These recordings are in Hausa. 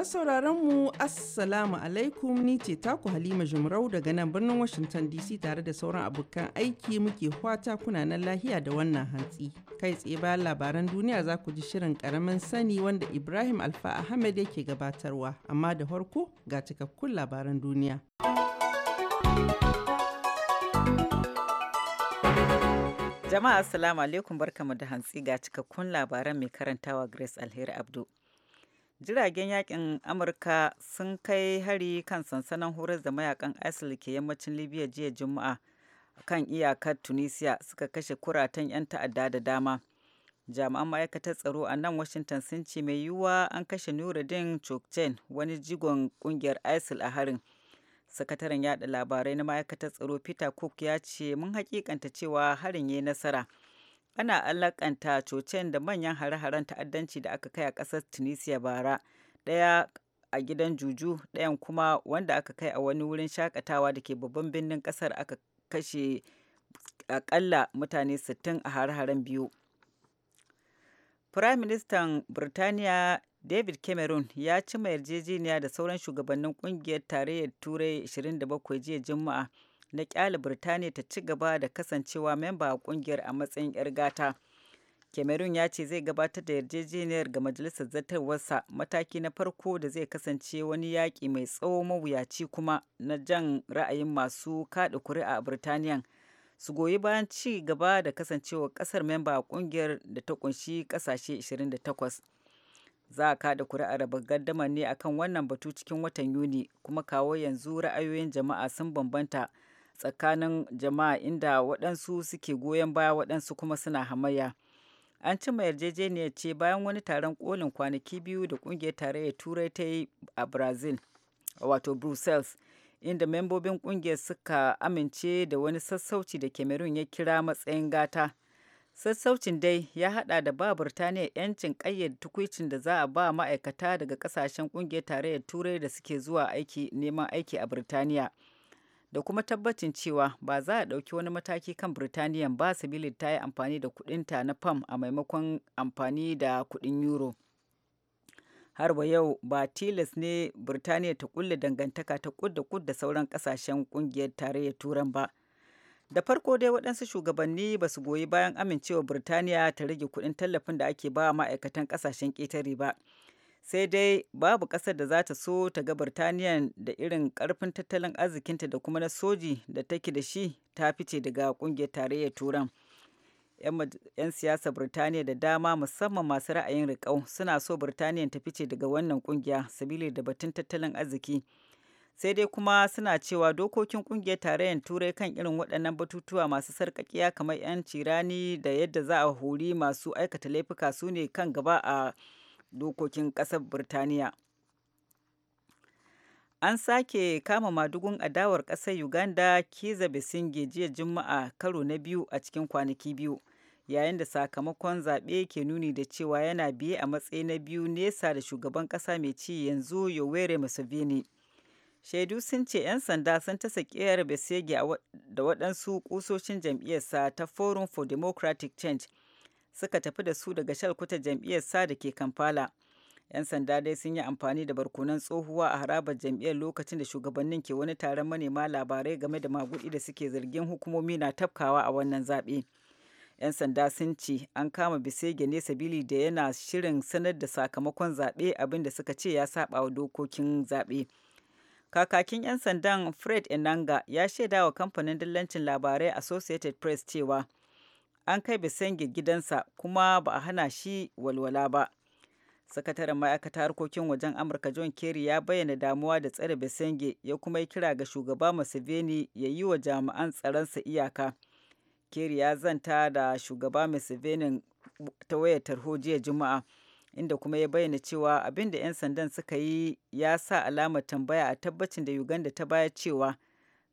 Masu sauraron mu Assalamu alaikum ni ce taku Halima Jumrau daga nan birnin Washington DC tare da sauran abokan aiki muke fata kuna nan lahiya da wannan hantsi. Kai tsaye bayan labaran duniya za ku ji shirin karamin sani wanda Ibrahim Alfa Ahmed yake gabatarwa amma da farko ga cikakkun labaran duniya. Jama'a Assalamu alaikum barkamu da hantsi ga cikakkun labaran mai karantawa Grace Alheri Abdu. jiragen yakin amurka sun kai hari kan sansanin horar da mayakan isil ke yammacin libya jiya juma'a kan iyakar tunisia suka kashe kuratan 'yan ta'adda da dama jami'an ma'aikatar tsaro a nan washington sun ce mai yiwuwa an kashe nuruddin chokchen wani jigon kungiyar isil a harin sakataren yada labarai na ma'aikatar tsaro peter cook ya ce mun hakikanta cewa harin ya nasara ana alakanta cocen da manyan hare-haren ta'addanci da aka kai a ƙasar tunisia bara ɗaya a gidan juju ɗayan kuma wanda aka kai a wani wurin shakatawa da ke babban birnin ƙasar aka kashe akalla mutane 60 a hare-haren biyu firaministan birtaniya david cameron ya ci cima yarjejeniya da sauran shugabannin kungiyar tarayyar turai 27 jiya juma'a na kyale Birtaniya ta ci gaba da kasancewa memba a kungiyar a matsayin 'yar gata. Cameroon ya ce zai gabatar da yarjejeniyar ga majalisar zartarwarsa mataki na farko da zai kasance wani yaƙi mai tsawo mawuyaci kuma na jan ra'ayin masu kaɗa kuri'a a Birtaniya. Su goyi bayan ci gaba da kasancewa ƙasar memba a ƙungiyar da ta ƙunshi ƙasashe 28. Za a kaɗa kuri'a raba gardama ne akan wannan batu cikin watan Yuni kuma kawo yanzu ra'ayoyin jama'a sun bambanta tsakanin jama'a inda waɗansu suke goyon baya waɗansu kuma suna hamayya an cima yarjejeniyar ce bayan wani taron kolin kwanaki biyu da kungiyar tarayyar turai ta yi a brazil wato brussels inda membobin kungiyar suka amince da wani sassauci da cameroon ya kira matsayin gata sassaucin dai ya hada da ba burtaniya yancin kayyade tukwicin da za a ba ma'aikata daga kasashen kungiyar tarayyar turai da suke zuwa aiki neman aiki a burtaniya da kuma tabbacin cewa ba za a ɗauki wani mataki kan Birtaniya ba sabilin ta yi amfani da ta na fam a maimakon amfani da kudin euro. Har wa yau ba tilas ne Birtaniya ta kulle dangantaka ta kud da da sauran kasashen kungiyar tarayyar Turan ba. Da farko dai waɗansu shugabanni ba su goyi bayan amincewa Birtaniya ta rage kudin tallafin da ake ba ma'aikatan ƙasashen ƙetare ba. sai dai babu ƙasar da za ta so ta ga birtaniya da irin karfin tattalin arzikinta da kuma na soji da take da shi ta fice daga ƙungiyar tarayyar turan 'yan siyasa birtaniya da dama musamman masu ra'ayin riƙau suna so birtaniya ta fice daga wannan ƙungiya sabili da batun tattalin arziki sai dai kuma suna cewa dokokin ƙungiyar tarayyar turai kan irin waɗannan batutuwa masu sarƙaƙiya kamar 'yanci rani da yadda za a hori masu aikata laifuka su ne kan gaba a dokokin ƙasar Birtaniya. An sake kama madugun adawar ƙasar Uganda Kiza Besinge jiya Juma'a karo na biyu a cikin kwanaki biyu, yayin da sakamakon zaɓe ke nuni da cewa yana biye a matsayi na biyu nesa da shugaban ƙasa mai ci yanzu Yoweri Museveni. shaidu sun ce 'yan sanda sun ta sakiyar besege da waɗansu ƙusoshin jam'iyyarsa ta forum for democratic change suka tafi da su daga shalkuta jam'iyyar sa da ke Kampala. 'Yan sanda dai sun yi amfani da barkonan tsohuwa a harabar jam'iyyar lokacin da shugabannin ke wani taron manema labarai game da maguɗi da suke zargin hukumomi na tafkawa a wannan zaɓe. 'Yan sanda sun ce an kama Bisege ne sabili da yana shirin sanar da sakamakon zaɓe abin da suka ce ya saɓa wa dokokin zaɓe. Kakakin 'yan sandan Fred Enanga ya shaidawa kamfanin dillancin labarai Associated Press cewa an kai bisan gidansa kuma ba a hana shi walwala ba. Sakataren ma'aikatar harkokin wajen Amurka John Kerry ya bayyana damuwa da tsare besenge ya kuma yi kira ga shugaba Museveni ya yi wa jami'an tsaronsa iyaka. Kerry ya zanta da shugaba Museveni ta wayar tarho jiya Juma'a. inda kuma ya bayyana cewa abin da 'yan sandan suka yi ya sa alamar tambaya a tabbacin da uganda ta baya cewa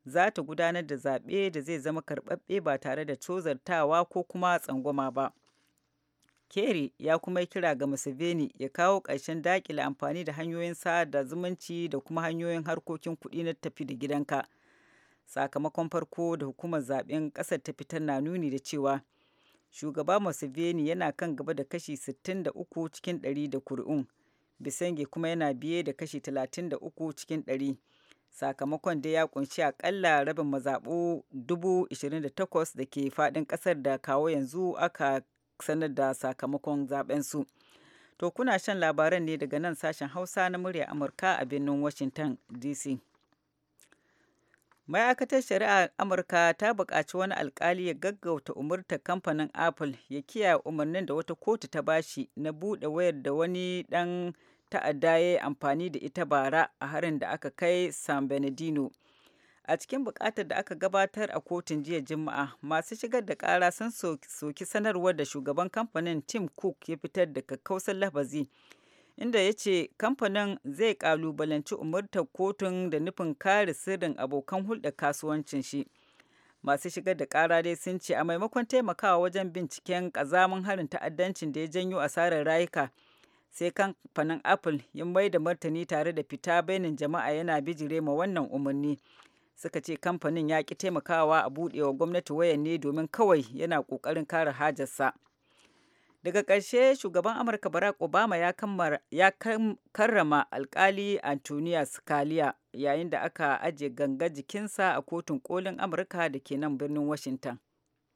za ta gudanar da zaɓe da zai zama karɓaɓɓe ba tare da cozartawa ko kuma tsangwama ba. Kerry ya kuma kira ga Museveni ya kawo ƙarshen daƙile amfani da hanyoyin sada zumunci da kuma hanyoyin harkokin kuɗi na tafi da gidanka. Sakamakon farko da hukumar zaɓen ƙasar ta fitar na nuni da cewa shugaba Museveni yana kan gaba da kashi 63 cikin 100 da kuri'un. Bisenge kuma yana biye da kashi 33 cikin 100. Sakamakon da ya kunshi akalla rabin mazaɓu 28,000 da ke faɗin ƙasar da kawo yanzu aka sanar da sakamakon su To kuna shan labaran ne daga nan sashen Hausa na murya Amurka a birnin Washington DC. Ma'aikatar Shari'ar Amurka ta buƙaci wani alkali ya gaggauta umurtar kamfanin Apple ya kiyaye umarnin da wata kotu ta bashi na buɗe wayar da wani ɗan ta'adda ya yi amfani da ita bara a harin da aka kai san benedino a cikin bukatar da aka gabatar a kotun jiya juma'a masu shigar da kara sun soki sanarwar da shugaban kamfanin tim cook ya fitar da kakkausar lafazi inda ya ce kamfanin zai kalubalanci umartar kotun da nufin kare sirrin abokan hulɗar kasuwancin shi masu shigar da kara dai sun ce a maimakon taimakawa wajen binciken ƙazamin harin ta'addancin da ya janyo asarar rayuka sai kamfanin apple ya mai da martani tare da fita bainin jama'a yana bijire ma wannan umarni suka ce kamfanin ya ki taimakawa a buɗewa gwamnati wayan ne domin kawai yana ƙoƙarin kare hajarsa daga ƙarshe shugaban amurka barack obama ya, karrama alkali antonia scalia yayin da aka ajiye ganga jikinsa a kotun kolin amurka da ke nan birnin washington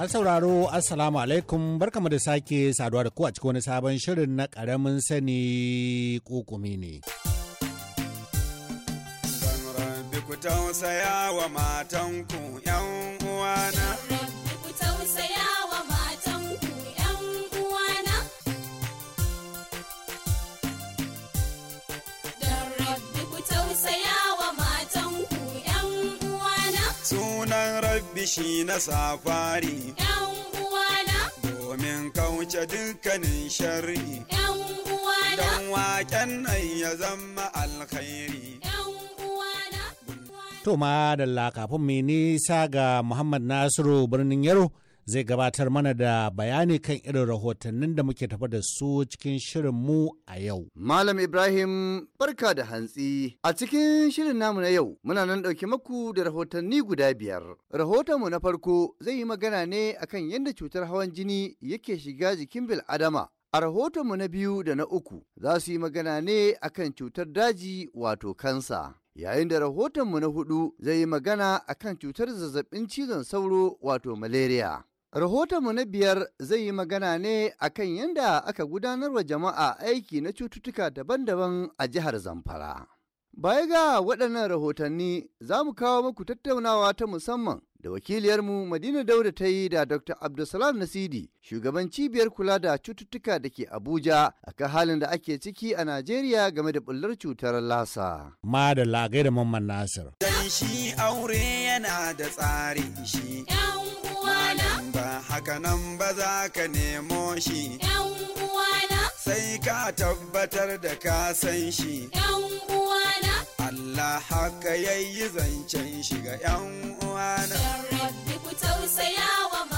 a sauraro Assalamu alaikum barkamu da sake saduwa da ku a cikin wani sabon shirin na ƙaramin sani kokumi ne. Rabi ku tausaya wa matanku 'yan uwana. shi na safari domin kauce dukkanin sharri don waken nan ya zama alkhairi to ma da lakafin mai nisa ga muhammad nasiru birnin yaro zai gabatar mana da bayani kan irin rahotannin da muke tafa da su cikin shirin mu a yau. Malam Ibrahim barka da hantsi. A cikin shirin namu na yau muna nan ɗauke maku da rahotanni guda biyar. Rahotonmu na farko zai yi magana ne akan yadda cutar hawan jini yake shiga jikin bil'adama. A rahotonmu na biyu da na uku za su yi magana ne akan cutar daji wato kansa. Yayin da rahotonmu na hudu zai yi magana akan cutar zazzabin cizon sauro wato malaria. Rahotonmu na biyar zai yi magana ne akan yadda aka gudanar wa jama'a aiki na cututtuka daban-daban a jihar Zamfara. Baya ga waɗannan rahotanni za mu kawo muku tattaunawa ta musamman da wakiliyarmu Madina Dauda ta yi da Dr. Abdulsalam Nasidi, shugaban cibiyar kula da cututtuka da ke Abuja a kan halin da ake ciki a Najeriya game da bullar cutar lasa. Ma da lagai da mamman Nasir. shi aure yana da tsarin shi. nan ba za ka nemo shi uwana sai ka tabbatar da ka san shi uwana Allah haka yayi zancen shiga uwana rabbi ku tausaya wa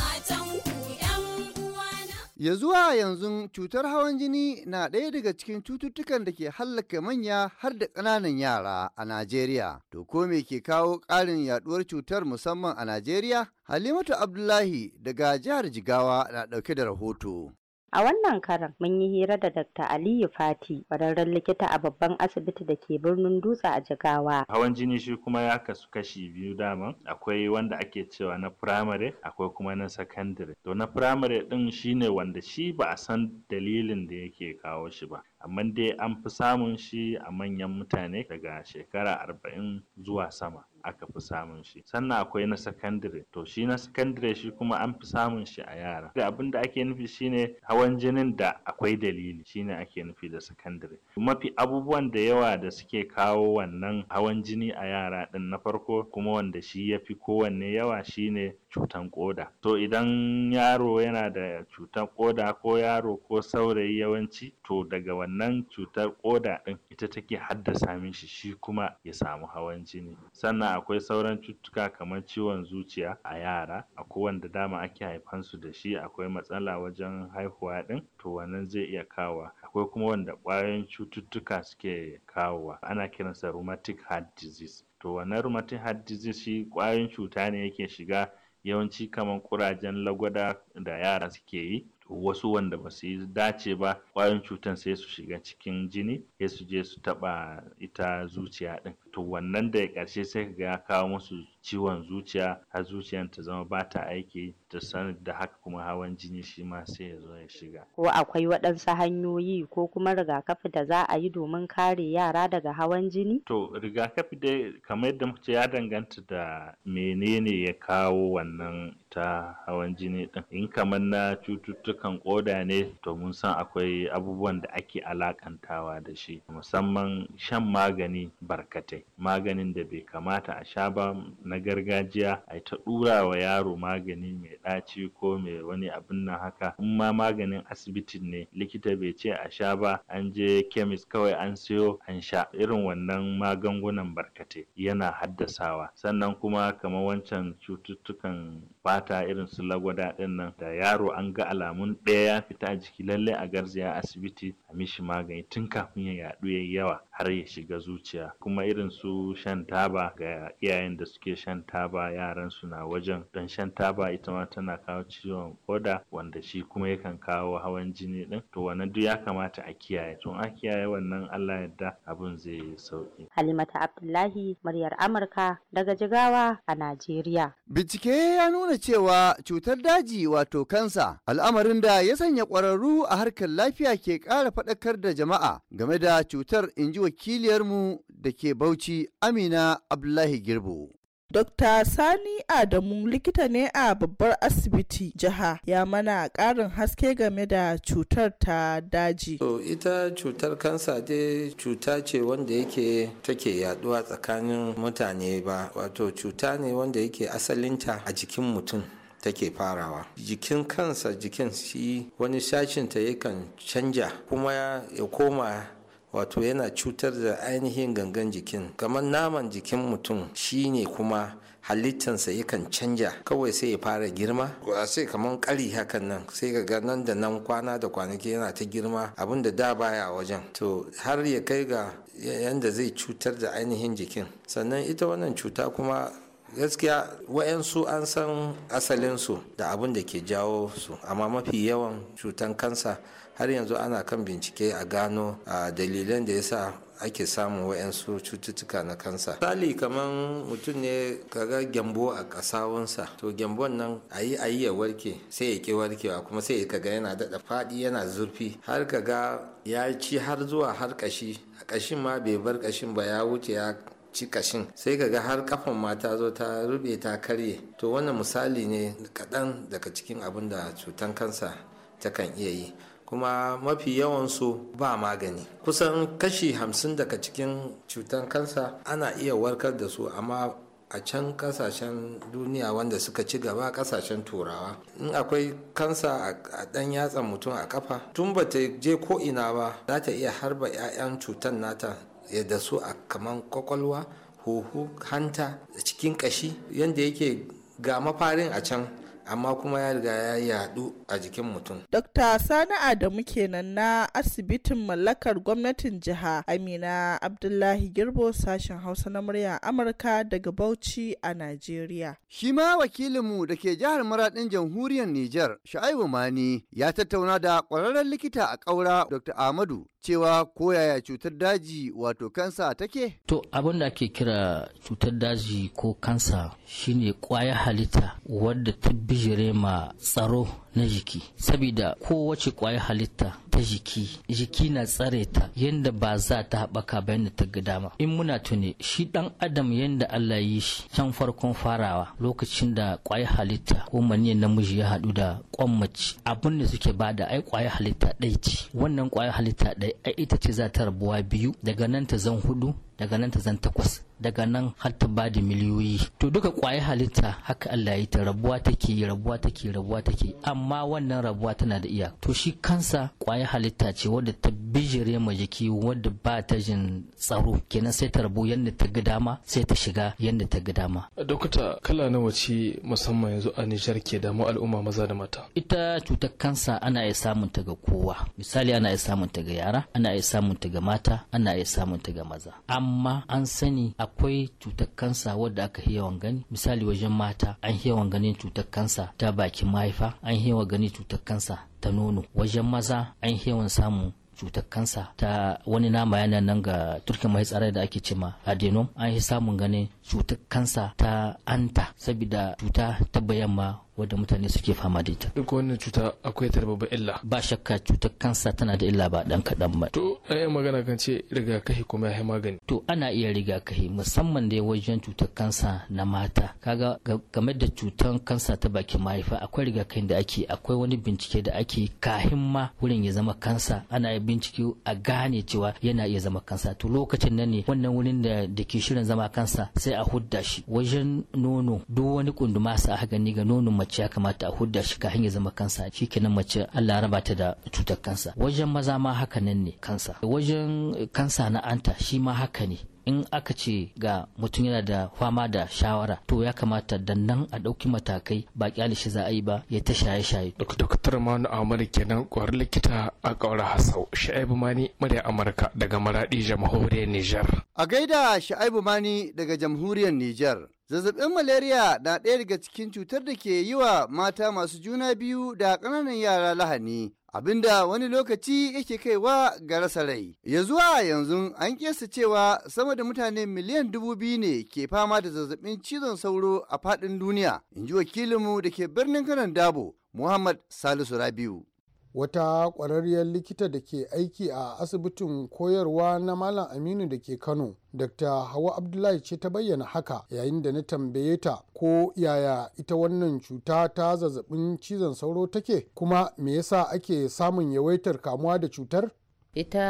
Ya zuwa yanzu cutar hawan jini na ɗaya daga cikin cututtukan da ke hallaka manya har da ƙananan yara a Najeriya. To ko me ke kawo ƙarin yaɗuwar cutar musamman a Najeriya? Halimatu Abdullahi daga jihar Jigawa na ɗauke da rahoto. A wannan karan mun yi hira da Dr. Aliyu Fati, ƙwararren likita a babban asibiti da ke birnin Dutse a Jigawa. Hawan jini shi kuma ya kasu kashi biyu dama, akwai wanda ake cewa na primary, akwai kuma na secondary. To na primary din shine wanda shi ba a san dalilin da yake kawo shi ba. amma dai an fi samun shi a manyan mutane daga shekara arba'in zuwa sama aka fi samun shi sannan akwai na sakandare to shi na sakandare shi kuma an fi samun shi a yara da abin da ake nufi shine hawan jinin da akwai dalili shine ake nufi da sakandare mafi abubuwan da yawa da suke kawo wannan hawan jini a yara din na farko kuma wanda shi ya fi kowanne yawa shine cutan ƙoda. to idan yaro yana da cutar ƙoda ko yaro ko saurayi yawanci to daga wannan cutar ƙoda ɗin ita take haddasa mishi shi kuma ya samu hawan jini sannan akwai sauran cututtuka kamar ciwon zuciya a yara akwai wanda dama ake haifan su da shi akwai matsala wajen haihuwa ɗin, to wannan zai iya kawa akwai kuma wanda ƙwayoyin cututtuka suke kawowa ana kiransa rheumatic heart disease to wannan rheumatic heart disease shi ƙwayoyin cuta ne yake shiga yawanci kamar kurajen lagwada da yara suke yi wasu wanda ba su yi dace ba ƙwayoyin cutan sai su shiga cikin jini sai su je su taɓa ita zuciya ɗin to wannan da ƙarshe sai ka ga ya kawo musu ciwon zuciya har zuciyar ta zama ba ta aiki ta sanin da haka kuma hawan jini shi ma sai ya zo ya shiga. Ko akwai waɗansu hanyoyi ko kuma rigakafi da za a yi domin kare yara daga hawan jini? To rigakafi dai kamar yadda muka ce ya danganta da menene ya kawo wannan ta hawan jini ɗin. In kamar na cututtukan ƙoda ne to mun san akwai abubuwan da ake alakantawa da shi musamman shan magani barkatai. maganin da bai kamata a sha ba na gargajiya a ta ɗura wa yaro magani mai ɗaci ko mai wani abin nan haka in ma maganin asibitin ne likita bai ce a sha ba an je kemis kawai an siyo an sha irin wannan magungunan barkate yana haddasawa sannan kuma kamar wancan cututtukan fata irin su lagwada din nan da yaro an ga alamun ɗaya ya fita a jiki lallai a garzaya asibiti a mishi magani tun kafin ya yaɗu ya yawa har ya shiga zuciya kuma irin su shan taba ga iyayen da suke shan taba yaran su na wajen don shan taba ita ma tana kawo ciwon koda wanda shi kuma yakan kawo hawan jini din to wannan duk ya kamata a kiyaye tun a kiyaye wannan Allah yadda abun zai yi sauki Halimata Abdullahi muryar Amurka daga Jigawa a Najeriya Bincike ya nuna nuna cewa cutar daji wato kansa al'amarin da ya sanya ƙwararru a harkar lafiya ke ƙara faɗakar da jama'a game da cutar in ji wakiliyarmu da ke Bauchi Amina Abdullahi Girbo. Dr. Sani Adamu likita ne a babbar asibiti jiha ya mana ƙarin haske game da cutar ta daji. So, ita cutar kansa dai cuta ce wanda yake take yaduwa tsakanin mutane ba wato cuta ne wanda yake asalinta a jikin mutum. take farawa jikin kansa jikin shi wani sashinta yakan canja kuma ya koma wato yana cutar da ainihin gangan jikin kamar naman jikin mutum shine kuma halittansa yakan canja kawai sai ya fara girma a sai kamar kari hakan nan sai ga nan da nan kwana da kwanaki yana ta girma abin da da baya wajen to har ya kai ga yanda zai cutar da ainihin jikin sannan ita wannan cuta kuma gaskiya wayansu an san asalinsu da abin da ke jawo su amma mafi yawan cutan kansa har yanzu ana kan bincike a gano a dalilan da ya sa ake samun wa'yansu cututtuka na kansa misali kamar mutum ne kaga gyambo a kasawansa to gyambon nan ayi ayi ya warke sai ya ke warkewa kuma sai kaga yana daɗa fadi yana zurfi har kaga ya ci har zuwa har kashi a kashin ma bai bar kashin ba ya wuce ya ci kashin sai kaga har kafan ma ta zo ta rube ta karye to wannan misali ne kaɗan daga cikin abin da cutan kansa ta kan iya yi kuma mafi yawansu ba magani kusan kashi hamsin daga cikin cutar kansa ana iya warkar da su amma a can kasashen duniya wanda suka ci gaba kasashen turawa in akwai kansa a dan yatsan mutum a kafa tun ba ta je ko ina ba za ta iya harba 'ya'yan cutan nata ya da su a kaman kwakwalwa huhu hanta cikin kashi yadda yake ga mafarin a can amma kuma ya riga ya yadu a jikin mutum. Dokta Sani Adamu kenan na asibitin mallakar gwamnatin jiha Amina Abdullahi Girbo sashen Hausa na murya Amurka daga Bauchi a Najeriya. Shi ma wakilinmu da ke jihar Maradin jamhuriyar Nijar, Sha'ibu Mani ya tattauna da kwararren likita a ƙaura Dr. Ahmadu cewa koyaya cutar daji wato kansa take? To abin da ake kira cutar daji ko kansa shine kwaya halitta wadda ta bijire ma tsaro na jiki. Sabida kowace kwaya halitta ta jiki, jiki na tsare ta yadda ba za ta haɓaka ba da ta ga dama. In muna tuni shi ɗan adam yadda Allah yi shi can farkon farawa lokacin da kwaya halitta ko maniyan namiji ya haɗu da kwan mace abin da suke bada ai kwaya halitta ɗaya ce. Wannan kwaya halitta ɗaya ita ce za ta rabuwa biyu daga nan ta zan hudu daga nan ta zan takwas daga nan har ta ba da miliyoyi to duka kwaye halitta haka Allah ya ta rabuwa take rabuwa take rabuwa take amma wannan rabuwa tana da iya to shi kansa kwaye halitta ce wadda ta bijire ma jiki wadda ba ta jin tsaro kenan sai ta rabu yadda ta ga dama sai ta shiga yadda ta ga dama dokta kala nawa ce musamman yanzu a Nijar ke damu al'umma maza da mata ita cutar kansa ana iya samun ta ga kowa misali ana iya samun ta ga yara ana iya samun ta ga mata ana iya samun ta ga maza amma amma an sani akwai cutar kansa wadda aka yawan gani misali wajen mata an yawan ganin cutar kansa ta bakin mahaifa an yawan gani cutar kansa ta nono wajen maza an yawan samun cutar kansa ta wani nama yana nan ga turki mai tsare da ake cema adenom an yi samun ganin cutar kansa ta anta saboda cuta ta bayan ma wadda mutane suke fama da ita duk wannan cuta akwai ta babban illa ba shakka cutar kansa tana da illa ba dan kadan ba to ai magana kan ce rigakafi kuma ya magani to ana iya rigakafi musamman da wajen cutar kansa na mata kaga game da cutar kansa ta bakin mahaifa akwai rigakafin da ake akwai wani bincike da ake kahin ma wurin ya zama kansa ana yi bincike a gane cewa yana iya zama kansa to lokacin nan ne wannan wurin da da ke shirin zama kansa sai a hudda shi wajen nono duk wani kunduma sa haka gani ga nonon mace mace ya kamata a hudda shi kahin ya zama kansa shikenan mace Allah raba ta da cutar kansa wajen maza ma haka nan ne kansa wajen kansa na anta shi ma haka ne in aka ce ga mutum yana da fama da shawara to ya kamata da nan a ɗauki matakai ba kyale shi za a yi ba ya ta shaye shaye. Dr. Manu Amadu kenan kwar likita a ƙaura Hassau Sha'ibu Mani murya Amurka daga Maradi jamhuriyar Nijar. A gaida Sha'ibu Mani daga jamhuriyar Nijar. Zazzabin malaria na ɗaya daga cikin cutar da ke yi wa mata masu juna biyu da ƙananan yara lahani abinda wani lokaci yake kaiwa ga rasa rai. Ya zuwa yanzu an kesa cewa sama da mutane miliyan dubu biyu ne ke fama da zazzabin cizon sauro a faɗin duniya, in ji wakilinmu da ke birnin kanan dabo, Muhammad Salisu Rabiu. wata ƙwararriyar likita da ke aiki a asibitin koyarwa na malam aminu da ke kano dr hawa abdullahi ce ta bayyana haka yayin da na tambaye ta ko yaya ita wannan cuta ta zazzabin cizon sauro take kuma me yasa ake samun yawaitar kamuwa da cutar ita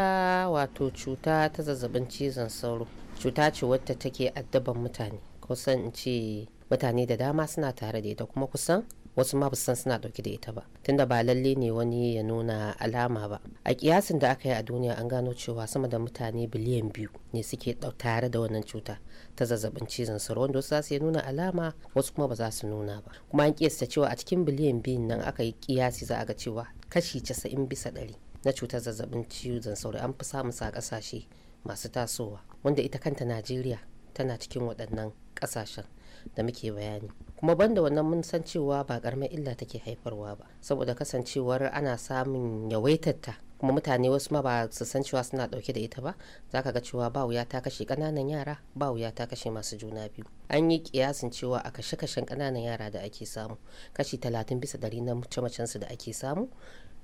wato cuta ta zazzabin cizon sauro cuta ce wadda take addaban mutane kusan ce mutane da dama suna tare da ita kuma kusan wasu ma san suna dauke da ita ba tunda ba lalle ne wani ya nuna alama ba a kiyasin da aka yi a duniya an gano cewa sama da mutane biliyan biyu ne suke tare da wannan cuta ta zazzabin cizon sauro wanda wasu za su nuna alama wasu kuma ba za su nuna ba kuma an kiyasta cewa a cikin biliyan biyun nan aka yi kiyasi za a ga cewa kashi casa'in bisa ɗari na cutar zazzabin cizon sauro an fi samun sa kasashe masu tasowa wanda ita kanta najeriya tana cikin waɗannan ƙasashen da muke bayani kuma banda wannan mun san cewa ba karamar illa take haifarwa ba saboda kasancewar ana samun yawaitarta kuma mutane wasu ma ba su san cewa suna dauke da ita ba zaka ga cewa ba wuya ta kashe kananan yara ba wuya ta kashe masu juna biyu an yi kiyasin cewa a kashe kashen kananan yara da ake samu kashi talatin bisa dari na mace su da ake samu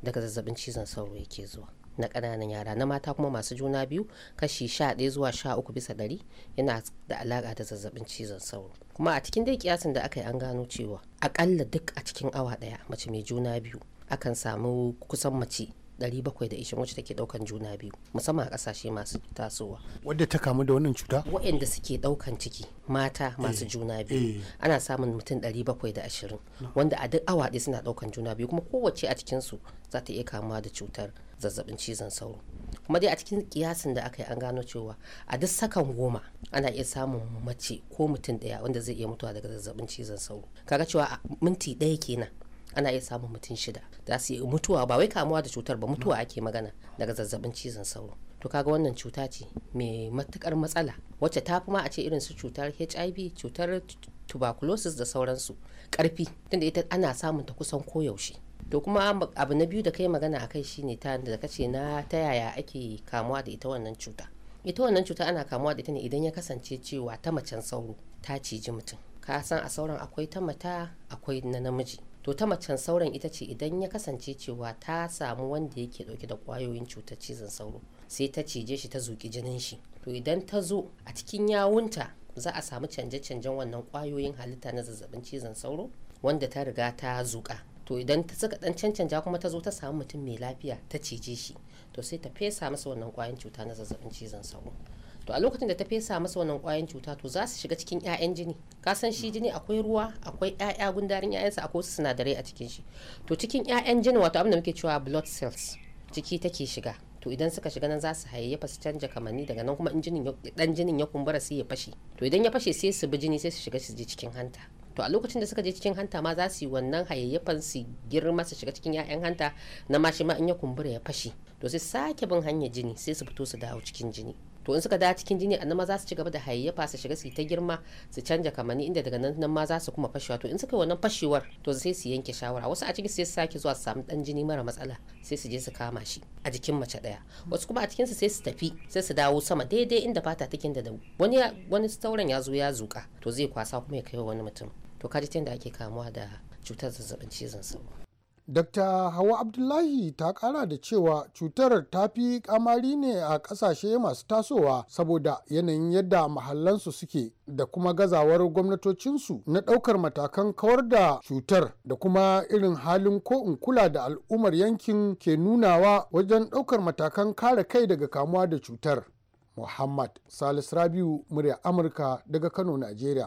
daga zazzabin cizon sauro yake zuwa na kananan yara na mata kuma masu juna biyu kashi sha ɗaya zuwa sha uku bisa dari yana da alaka da zazzabin cizon sauro kuma a cikin dai kiyasin da aka yi an gano cewa akalla duk a cikin awa daya mace mai juna biyu akan samu kusan mace 720 wacce take daukan juna biyu musamman a kasashe masu tasowa wadda ta kamu da wannan cuta waɗanda suke daukan ciki mata masu eh, juna biyu eh. ana samun mutum da 720 wanda a duk awa ɗaya suna daukan juna biyu kuma kowace a cikinsu za ta iya kamuwa da cutar zazzabin cizon sauro kuma dai a cikin kiyasin da aka yi an gano cewa a duk sakan goma ana iya samun mace ko mutum daya wanda zai iya mutuwa daga zazzabin cizon sauro kaga cewa a minti daya kenan ana iya samun mutum shida da su mutuwa ba wai kamuwa da cutar ba mutuwa ake magana daga zazzabin cizon sauro to kaga wannan cuta ce mai matukar matsala wacce ta fi ma a ce irin su cutar hiv cutar tuberculosis da sauransu karfi tunda ita ana samun ta kusan koyaushe to kuma abu na biyu da kai magana akai shine ta da kace na ta yaya ake kamuwa da ita wannan cuta ita wannan cuta ana kamuwa da ita ne idan ya kasance cewa ta macen sauro ta ciji mutum ka san a sauran akwai ta mata akwai na namiji to ta macen sauran ita ce idan ya kasance cewa ta samu wanda yake dauke da kwayoyin cutar cizon sauro sai ta cije shi ta zuki jinin shi to idan ta zo a cikin yawunta za a samu canje-canjen wannan kwayoyin halitta na zazzabin cizon sauro wanda ta riga ta zuka to idan ta suka dan cancanja kuma ta zo ta samu mutum mai lafiya ta cije shi to sai ta fesa masa wannan kwayan cuta na zazzabin cizon sauro to a lokacin da ta fesa masa wannan kwayan cuta to za su shiga cikin 'ya'yan jini ka san shi jini akwai ruwa akwai 'ya'ya gundarin 'ya'yansa akwai wasu sinadarai a cikin shi to cikin 'ya'yan jini wato abin da muke cewa blood cells ciki take shiga to idan suka shiga nan za su hayayyafa su canja kamanni daga nan kuma dan jinin ya kumbura sai ya fashe to idan ya fashe sai su bi jini sai su shiga su je cikin hanta to a lokacin da suka je cikin hanta ma za su yi wannan hayayyafan su girma su shiga cikin 'ya'yan hanta na ma shi ma in ya kumbura ya fashi to sai sake bin hanyar jini sai su fito su dawo cikin jini to in suka dawo cikin jini annama ma za su ci gaba da hayayyafa su shiga su ta girma su canja kamani inda daga nan nan ma za su kuma fashewa to in suka yi wannan fashewar to sai su yanke shawara wasu a cikin sai su sake zuwa su samu dan jini mara matsala sai su je su kama shi a jikin mace daya wasu kuma a cikin su sai su tafi sai su dawo sama daidai inda fata take da wani wani sauran ya zo ya zuka to zai kwasa kuma ya kai wani mutum to kaji ta yadda ake kamuwa da cutar zazzabin cizon sauro Dr. Hawa Abdullahi ta kara da cewa cutar ta fi kamari ne a kasashe masu tasowa saboda yanayin yadda mahallansu suke da kuma gazawar gwamnatocinsu na daukar matakan kawar da cutar da kuma irin halin ko in kula da al'ummar yankin ke nunawa wajen daukar matakan kare kai daga kamuwa da cutar. Muhammad salis Rabiu, murya Amurka daga Kano, Najeriya.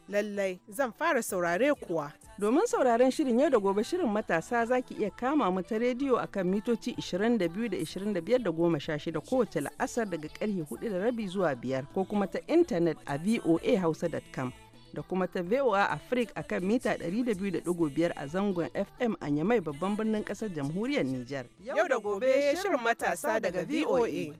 Lallai zan fara saurare kuwa. Domin sauraren shirin yau da gobe shirin matasa za ki iya kama mu ta rediyo akan mitoci 22 da 25 da 16 kowace la'asar daga karfe 4 da rabi zuwa biyar ko kuma ta intanet a voahausa.com. da kuma ta VOA Africa a kan mita 200.5 a zangon FM a Nyamai babban birnin kasar jamhuriyar Nijar. Yau da gobe shirin matasa daga VOA.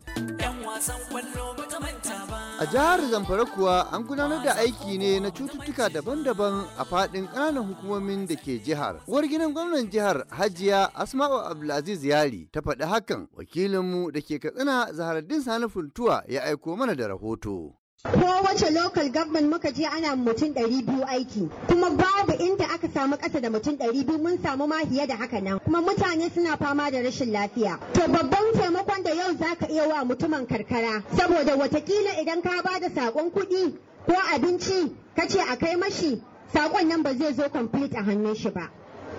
A jihar Zamfara kuwa an gudanar da aiki ne na cututtuka daban-daban a fadin kananan hukumomin da ke jihar. Uwar gidan gwamnan jihar Hajiya Asma'u Abdulaziz Yari ta faɗi hakan wakilinmu da ke Katsina Zaharaddin Sani Funtuwa ya aiko mana da rahoto. Ko wace local government muka je ana mutum ɗari biyu aiki kuma babu inda aka samu ƙasa da mutum ɗari biyu mun samu ma fiye da haka nan kuma mutane suna fama da rashin lafiya. To babban taimakon da yau zaka iya wa mutumin karkara saboda watakila idan ka ba da saƙon kuɗi ko abinci ka ce a kai mashi saƙon nan ba zai zo complete a hannun shi ba.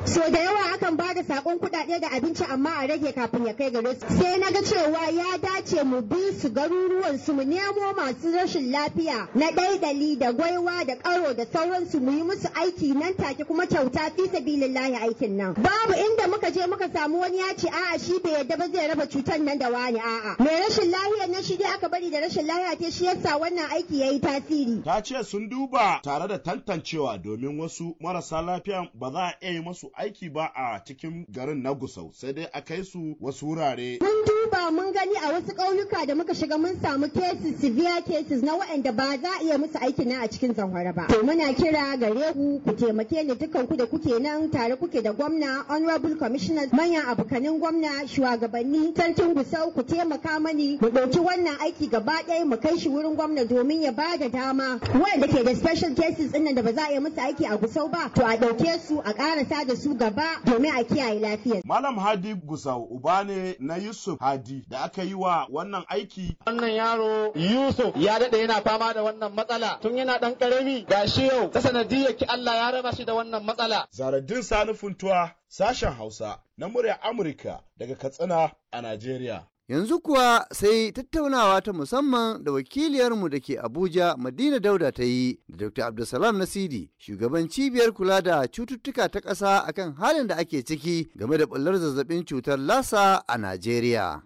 So da yawa akan ba da sakon kuɗaɗe da abinci amma a rage kafin ya kai gare su. Sai na ga cewa ya dace mu bi su garuruwan su mu nemo masu rashin lafiya na ɗaiɗali da gwaiwa da karo da sauransu mu yi musu aiki nan take kuma kyauta fi sabilillahi aikin nan. Babu inda muka je muka samu wani ya ce a'a shi bai yadda ba zai raba cutar nan da wani a'a. Mai rashin lafiyar nan shi dai aka bari da rashin lafiya ta shi yasa wannan aiki yayi tasiri. Ta ce sun duba tare da tantancewa domin wasu marasa lafiyan ba za a iya yi masu aiki ba a cikin garin na Gusau sai dai a kai su wasu wurare. Mun duba mun gani a wasu ƙauyuka da muka shiga mun samu cases severe cases na waɗanda ba za a iya musu aikin nan a cikin zanwara ba. To muna kira gare ku ku taimake ni dukkan ku da kuke nan tare kuke da gwamna honorable commissioners manyan abokanin gwamna shugabanni sarkin Gusau ku taimaka mani mu ɗauki wannan aiki gaba ɗaya mu kai shi wurin gwamna domin ya ba da dama waɗanda ke da special cases ɗin nan da ba za a iya musu aiki a Gusau ba to a ɗauke su a ƙarasa sada su su gaba domin a kiyaye lafiya Malam Hadi Gusau uba ne na Yusuf Hadi da aka yi wa wannan aiki. Wannan yaro Yusuf ya daɗe yana fama da wannan matsala tun yana ɗan ƙarami ga shi yau ta sanadiyar ki Allah ya raba shi da wannan matsala. Zaradin Sani Funtuwa sashen Hausa na murya Amurka daga Katsina a Najeriya. Yanzu kuwa sai tattaunawa ta musamman da wakiliyarmu da ke Abuja Madina Dauda ta yi da Dr. Abdulsalam Nasidi, shugaban cibiyar kula da cututtuka ta ƙasa akan halin da ake ciki game da ɓullar zazzabin cutar lasa a Najeriya.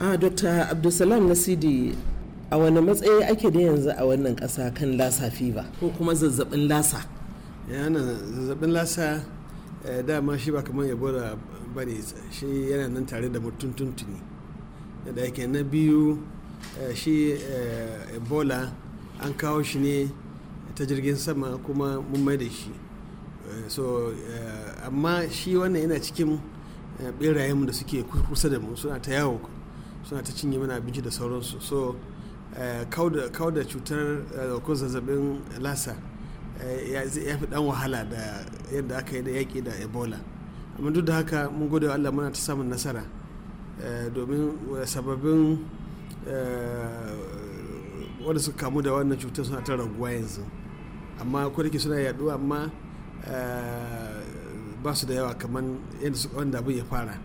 Ah, Dr. Abdulsalam Nasidi, a wani matsayi ake da yanzu a wannan ƙasa kan lasa fiba ko kuma zazzabin lasa? Yana zazzabin lasa eh, dama shi ba kamar ya da bane shi yana nan tare da mutum tuntuni da na biyu eh, shi eh, ebola an kawo shi ne ta jirgin sama kuma mun mai da shi eh, so amma shi wannan yana cikin birayen da suke kusa da mu suna ta yawo suna ta cinye mana abinci da sauransu so kau da cutar ko zazzabin lasa ya fi dan wahala da yadda aka yi da yaƙi da ebola amma duk da haka mun gode wa allah muna ta samun nasara Eh, domin eh, sababin eh, wanda suka kamu da wannan cutar suna ta raguwa yanzu amma ke suna yaduwa amma ba su da yawa kamar wanda abin ya fara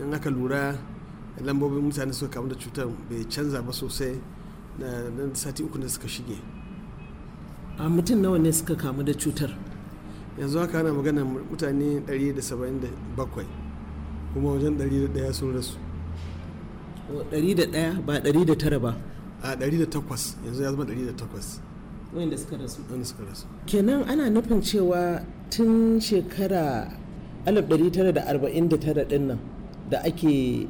in aka lura lambobin mutane suka kamu da cutar bai canza ba sosai na sati uku da suka shige a mutum nawa ne suka kamu da cutar yanzu haka ana magana mutane 177 kuma wajen 101 sun rasu 101 ba 109 ba a 108 yanzu ya zama 108 wanda suka rasu wanda suka rasu kenan ana nufin cewa tun shekara 1949 din nan da ake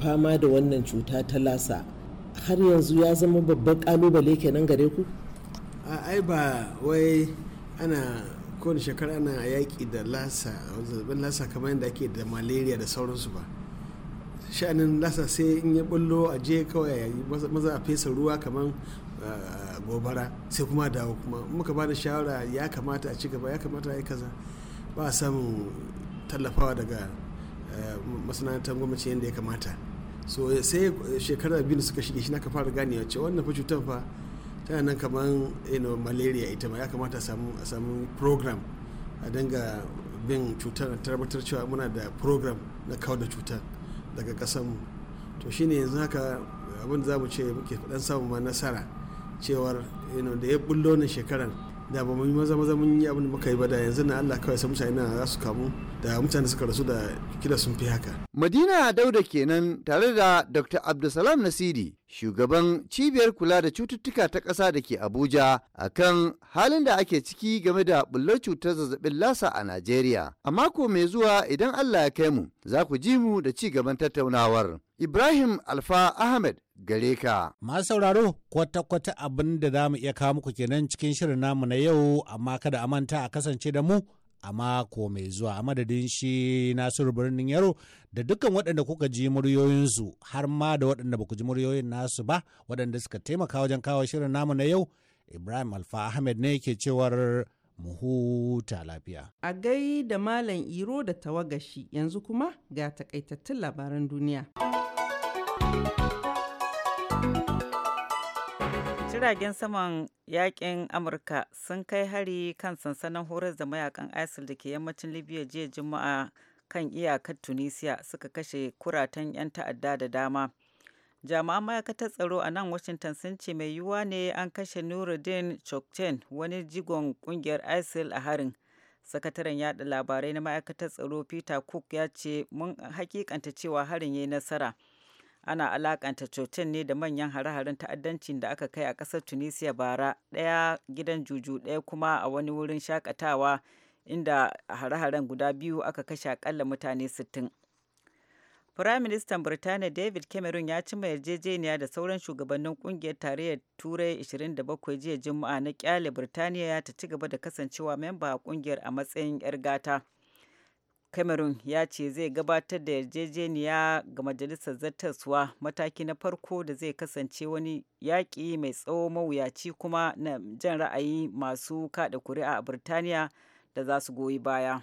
fama da wannan cuta ta lasa har yanzu ya zama babban kalubale kenan gare ku ai ba wai ana kowane shekara ana yaƙi da lasa zazzabin lasa kamar yadda ake da malaria da sauransu ba sha'anin lasa sai in ya bullo a je kawai maza a fesa ruwa kamar ah, gobara sai kuma dawo kuma muka ba da shawara ya kamata a ci gaba ya kamata a yi kaza ba a samun tallafawa daga eh, masana'antar gwamnati yadda ya kamata so sai shekara biyu suka shige shi na ka fara ganewa cewa wannan fa cutar fa ta nan kamar malaria ita ma ya kamata a samu program a dinga bin cutar tabbatar cewa muna da program na kawo da cutar daga kasanmu to shine yanzu haka abin za mu ce muke dan samu ma nasara cewar da ya bullo na shekarar da ba mu yi maza maza mun yi abin da muka yi ba da yanzu na Allah kawai sai mutane za su kamu da mutane suka rasu da kira sun fi haka. Madina Dauda kenan tare da Dr. Abdulsalam Nasiri, shugaban cibiyar kula da cututtuka ta ƙasa da ke Abuja a kan halin da ake ciki game da bullar cutar zazzabin lasa a Najeriya. A mako mai zuwa idan Allah ya kai mu, za ku ji mu da ci gaban tattaunawar. Ibrahim Alfa Ahmed gare ka. Masu sauraro kwata-kwata abin da za mu iya kawo muku kenan cikin shirin namu na yau amma kada a manta a kasance da mu a mako mai zuwa a madadin shi nasiru birnin yaro da dukkan waɗanda kuka ji muryoyinsu har ma da waɗanda ba ku ji muryoyin nasu ba waɗanda suka taimaka wajen kawo shirin namu na yau ibrahim alfa ahmed ne ke cewar mu huta lafiya a gai da malam iro da tawagashi yanzu kuma ga takaitattun labaran duniya. jiragen saman yakin amurka sun kai hari kan sansanin horar da mayakan isil da ke yammacin libya jiya juma'a kan iyakar tunisia suka kashe kuratan 'yan ta'adda da dama jami'an ma'aikatar tsaro a nan washington sun ce mai yiwuwa ne an kashe nuruddin chokten wani jigon kungiyar isil a harin sakataren yada labarai na ma'aikatar tsaro peter cook ya ce mun hakikanta cewa harin ya yi nasara ana alakanta cocin ne da manyan hare-haren ta'addancin da aka kai a ƙasar tunisia bara ɗaya gidan juju ɗaya kuma a wani wurin shakatawa inda hare-haren guda biyu aka kashe akalla mutane 60 Firaministan Birtaniya David Cameron ya cima yarjejeniya da sauran shugabannin kungiyar tarayyar Turai 27 jiya Juma'a na kyale Birtaniya ta ci gaba da kasancewa memba a kungiyar a matsayin 'yar gata. cameron ya ce zai gabatar da yarjejeniya ga majalisar zartaswa mataki na farko da zai kasance wani yaƙi mai tsawo mawuyaci kuma na jan ra'ayi masu kaɗa kuri'a a birtaniya da za su goyi baya